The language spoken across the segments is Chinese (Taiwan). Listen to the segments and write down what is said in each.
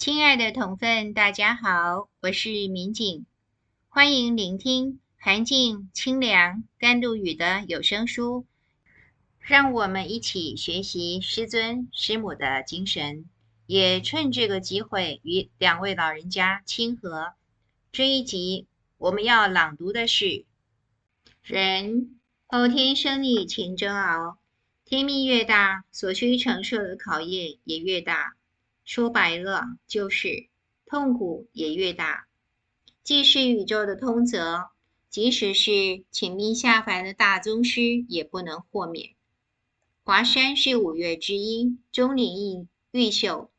親愛的同奮，大家好，我是民警，歡迎聆聽涵靜清涼甘露雨的有聲書。讓我們一起學習師尊師母的精神，也趁這個機會與兩位老人家親和。這一集我們要朗讀的是：忍後天生理勤蒸熬，天命越大，所需承受的考驗也越大。說白了就是痛苦也越大，既是宇宙的通則，即使是請命下凡的大宗師也不能豁免。華山是五岳之一，鍾靈毓秀，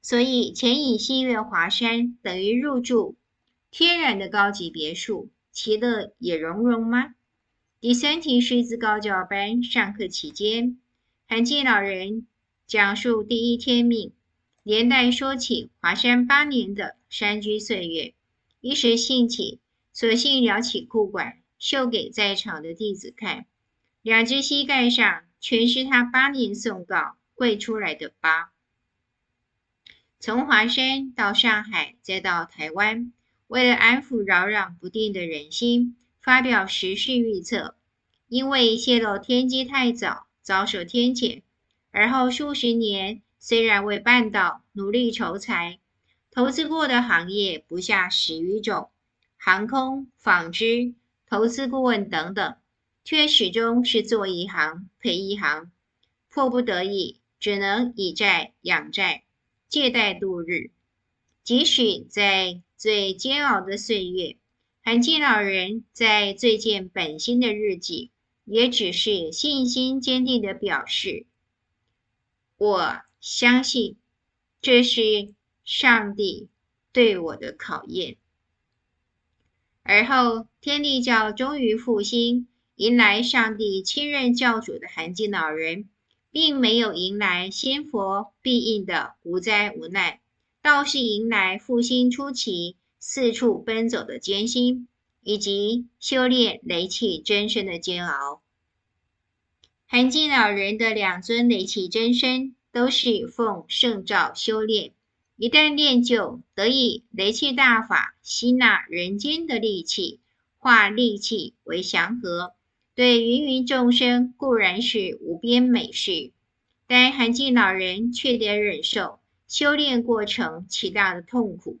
所以潛隱西嶽華山等於入住天然的高級別墅，其樂也融融嗎？第三題是一次高教班上課期間，涵靜老人講述第一天命。連帶說起華山八年的山居歲月，一時興起，索性撩起褲管，秀給在場的弟子看，兩隻膝蓋上全是他八年誦誥跪出來的疤。從華山到上海，再到台灣，為了安撫擾攘不定的人心，發表時事預測，因為泄露天機太早，遭受天譴，而後數十年。雖然為辦道努力籌財，投資過的行業不下十餘種，航空、紡織、投資顧問等等，卻始終是做一行賠一行，迫不得已，只能以債養債，借貸度日。即使在最煎熬的歲月，涵靜老人在最見本心的日記，也只是信心堅定地表示：“我。”相信這是上帝對我的考驗。而後，天帝教終於復興，迎來上帝親任教主的涵靜老人，並沒有迎來仙佛庇佑的無災無難，倒是迎來復興初期四處奔走的艱辛，以及修煉鐳炁真身的煎熬。涵靜老人的兩尊鐳炁真身，都是奉聖詔修煉，一旦練就，得以鐳炁大法吸納人間的戾氣，化戾氣為祥和，對芸芸眾生固然是無邊美事，但涵靜老人卻得忍受修煉過程極大的痛苦。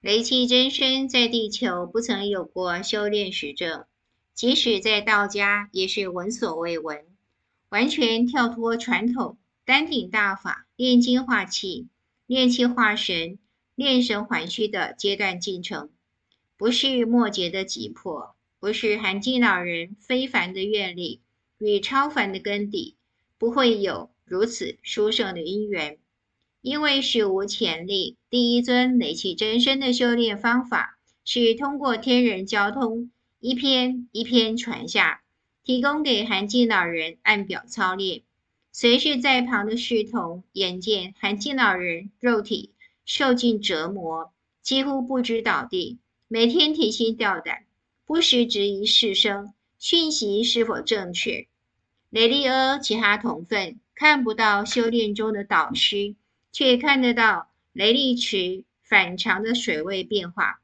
鐳炁真身在地球不曾有過修煉實證。即使在道家，也是聞所未聞，完全跳脫傳統丹鼎大法、煉精化氣、煉氣化神、煉神還虛的階段進程。不是末劫的急迫，不是涵靜老人非凡的願力與超凡的根底，不會有如此殊勝的因緣。因為史無前例，第一尊鐳炁真身的修煉方法是通過天人交通。一篇一篇傳下，提供給涵靜老人按表操練。隨侍在旁的侍童眼見涵靜老人肉體受盡折磨，幾乎不知倒地，每天提心吊膽，不時質疑侍生訊息是否正確。鐳力阿其他同奮看不到修煉中的導師，卻看得到鐳力池反常的水位變化。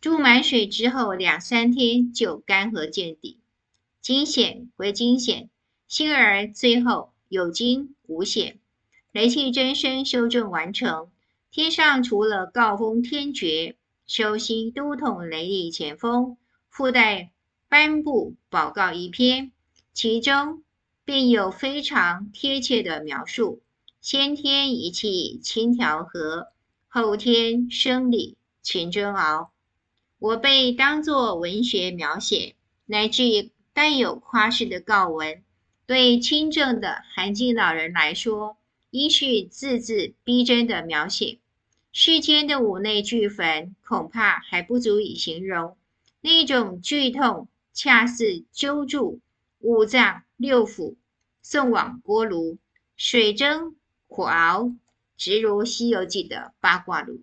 注滿水之後，兩三天就乾涸見底，驚險歸驚險，幸而最後有驚無險。鐳炁真身修正完成，天上除了誥封天爵、首席督統鐳力前鋒，附帶頒布寶誥一篇，其中便有非常貼切的描述：先天一氣勤調和，後天生理勤蒸熬。我被當做文學描寫，乃至於帶有誇飾的告文，對清正的涵靜老人來說，應是字字逼真的描寫，世間的五內俱焚恐怕還不足以形容。那種劇痛，恰似揪住五臟六腑送往鍋爐，水蒸火熬，直如《西遊記》的八卦爐。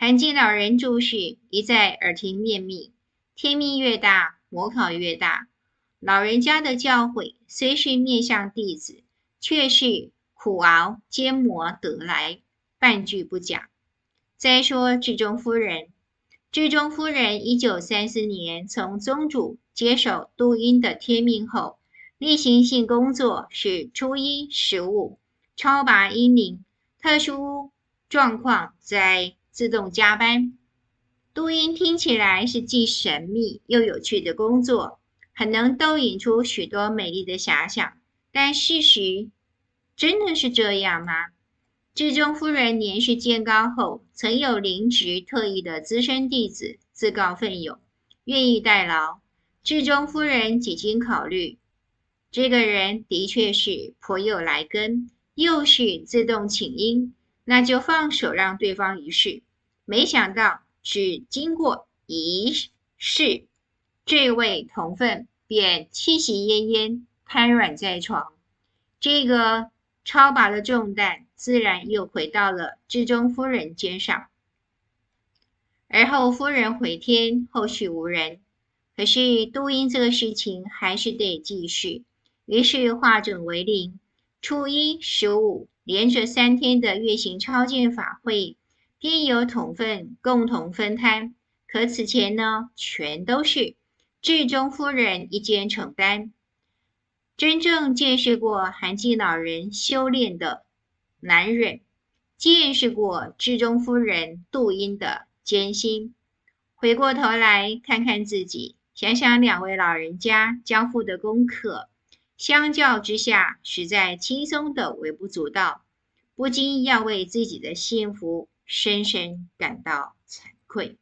涵靜老人住世一再耳提面命，天命越大，磨考越大。老人家的教誨，雖是面向弟子，卻是苦熬煎磨得來，半句不假。再說智忠夫人，智忠夫人一九三四年從宗主接手渡陰的天命後，例行性工作是初一十五超拔陰靈，特殊狀況再。自動加班，渡陰聽起來是既神秘又有趣的工作，很能逗引出許多美麗的遐想。但事實真的是這樣嗎？智忠夫人年事漸高後，曾有靈職特異的資深弟子自告奮勇，願意代勞。智忠夫人幾經考慮，這個人的確是頗有來根，又是自動請纓，那就放手讓對方一試。沒想到，只經過一試，這位同奮便氣息奄奄，癱軟在床。這個超拔的重擔，自然又回到了智忠夫人肩上。而後，夫人回天，後續無人。可是，渡陰這個事情還是得繼續，於是化整為零，初一、十五連着三天的月行超薦法會。便由統分共同分攤。可此前呢，全都是智忠夫人一肩承擔。真正見識過涵靜老人修煉的男人，見識過智忠夫人渡陰的艱辛，回過頭來看看自己，想想兩位老人家交付的功課，相較之下實在輕鬆的微不足道，不禁要為自己的幸福。深深感到慚愧。